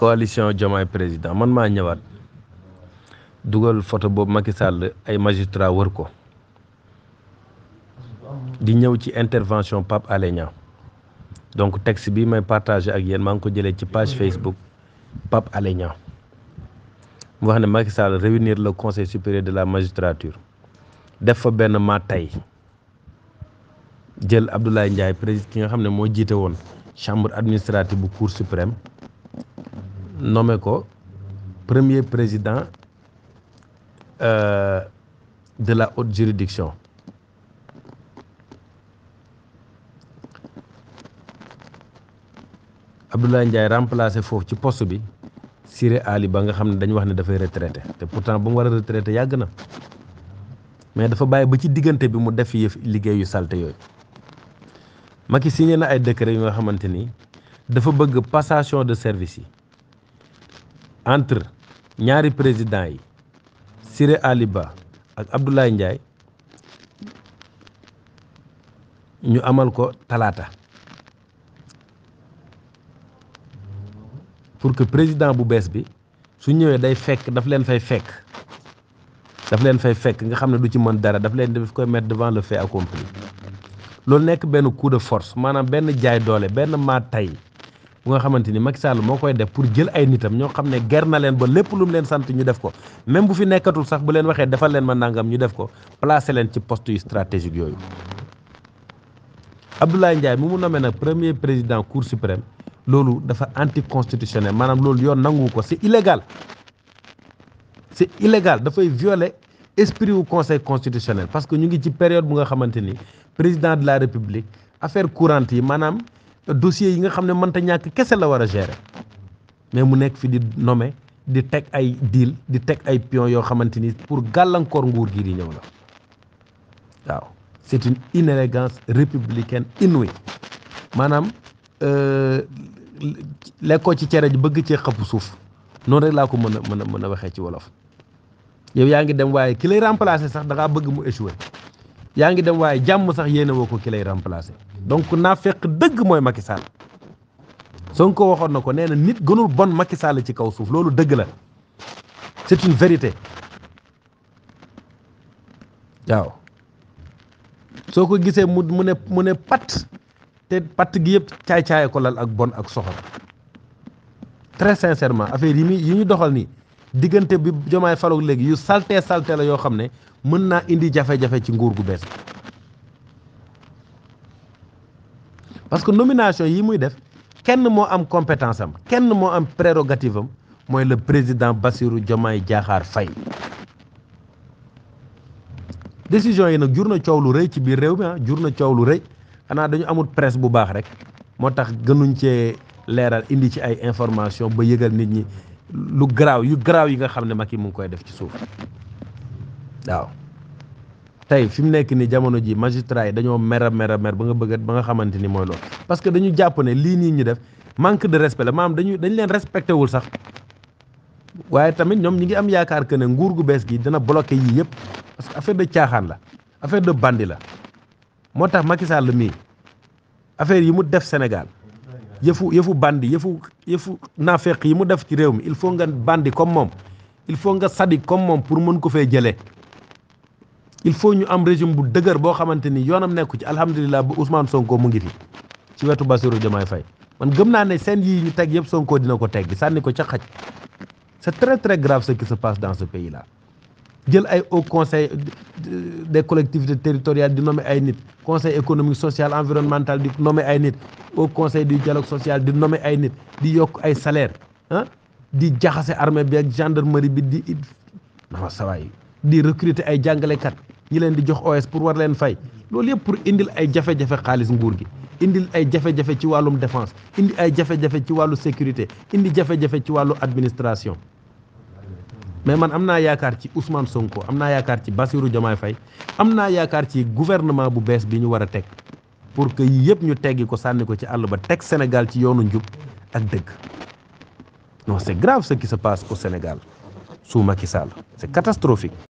coalition Diomaye président man maa ñëwaat dugal photo boobu Macky Sall ay magistrat wër ko di ñëw ci intervention Pape Alé Niang donc texte bi may partagé ak yenn maa ngi ko jëlee ci page Facebook Pape Alé Niang mu wax ne Macky Sall réunir le conseil supérieur de la magistrature def fa benn maa tey jël Abdoulaye Ndiaye président ki nga xam ne moo jiite woon chambre administrative bu cour suprême nommé ko premier président euh, de la haute juridiction Abdoulaye Ndiaye remplacé foofu ci post bi Siré Ali ba nga xam ne dañu wax ne dafay retraité te pourtant ba mu war a retraité yàgg na mais dafa bàyyi ba ci diggante bi mu def yëf liggéeyu yu salte yooyu Macky signé na ay décret yu nga xamante ni dafa bëgg passation de service yi entre ñaari président yi Siré Ali Ba ak Abdoulaye njaay ñu amal ko talaata pour que président bu bees bi su ñëwee day fekk daf leen fay fekk daf leen fay fekk nga xam ne du ci mën dara daf leen daf koy mettre devant le fait accompli loolu nekk benn coup de maanaam benn jaay doole benn maa tay bu nga xamante ni Macky Sall moo koy def pour jël ay nitam ñoo xam ne ger na leen ba lépp lum leen sant ñu def ko même bu fi nekkatul sax bu leen waxee defal leen ma nangam ñu def ko placé leen ci poste yu stratégique yooyu. Abdoulaye Ndiaye mu mu nommé nag premier président cour suprême loolu dafa anticonstitutionnel maanaam loolu yoon nangu ko si illégal si illegal dafay viole esprit wu conseil parce que ñu ngi ci période bu nga xamante ni président de république affaire courante yi dossiers yi nga xam ne mënta ñàkk kese la war a gérer mais mu nekk fi di nommer di teg ay deal di teg ay pion yoo xamante ni pour gàllankoor nguur gi di ñëw la waaw c'est une inélégance républicaine inouïe maanaam euh, lekkoo ci cere ji bëgg cee xëpp suuf noonu rek laa ko mën a mën a mën a waxee ci wolof yow yaa ngi dem waaye ki lay sax dangaa bëgg mu échouer yaa ngi dem waaye jàmm sax yéene woo ko ki lay donc naa fekk dëgg mooy Macky Sall Sonko waxoon na ko nee na nit gënul bon Macky Sall ci kaw suuf loolu dëgg la c'est une vérité waaw soo ko gisee mu mu ne mu ne pat te pat gi yëpp caay-caay ko lal ak bon ak soxor très sincèrement affaire yi mi yi ñu doxal nii diggante bi jomaay faloog léegi yu salté salté la yoo xam ne mën naa indi jafe-jafe ci nguur gu bees parce que nomination yi muy def kenn moo am compétence am kenn moo am prérogative mooy le président Bassirou Diomaye jaaxaar fay décision yi nag jur na coow lu rëy ci biir réew mi ah jur na coow lu rëy xanaa dañu amul presse bu baax rek moo tax gënuñ cee leeral indi ci ay information ba yëgal nit ñi lu garaaw yu garaaw yi nga xam ne Macky mu ngi koy def ci suuf waaw tey fi mu nekk nii jamono ji magistrat yi dañoo mer a mer a mer ba nga bëgg ba nga xamante ni mooy loolu parce que dañu jàpp ne lii nii ñu def manque de respect la maanaam dañu dañ leen respecté wul sax waaye tamit ñoom ñi ngi am yaakaar que ne nguur gu bees gi dana bloqué yii yëpp parce que affaire de caaxaan la affaire de bandi la moo tax Macky Sall mii affaire yi mu def Sénégal yëfu yëfu bandi yëfu yëfu naafeq yi mu def ci réew mi il faut nga bandi comme moom il faut nga sadi comme moom pour mën ko fee jëlee il faut ñu am régime bu dëgër boo xamante ni yoonam nekku ci alhamdulilah ba Ousmane Sonko mu ngi fi ci wetu Bassirou Diomaye fay man gëm naa ne seen yi ñu teg yëpp Sonko dina ko teggi sànni ko ca xaj c'est très très grave ce qui se passe dans ce pays là jël ay haut conseil euh, des collectivités territoriales di nommer ay nit conseil économique social environnemental di nommer ay nit haut conseil du dialogue social di nommer ay nit di yokk ay salaire ah di jaxase armée bi ak gendarmerie bi di di recruter ay jàngalekat ñi leen di jox OS pour war leen fay loolu yëpp pour indil ay jafe-jafe xaalis nguur gi indil ay jafe-jafe ci wàllum défense indi ay jafe-jafe ci wàllu sécurité indi jafe-jafe ci wàllu administration mais man am naa yaakaar ci Ousmane Sonko am naa yaakaar ci Bassirou Diomaye fay am naa yaakaar ci gouvernement bu bees bi ñu war a teg pour que yii yëpp ñu teggi ko sànni ko ci àll ba teg Sénégal ci yoonu njub ak dëgg no c'est grave ce qui se passe au Sénégal sous Macky Sall c'est catastrophique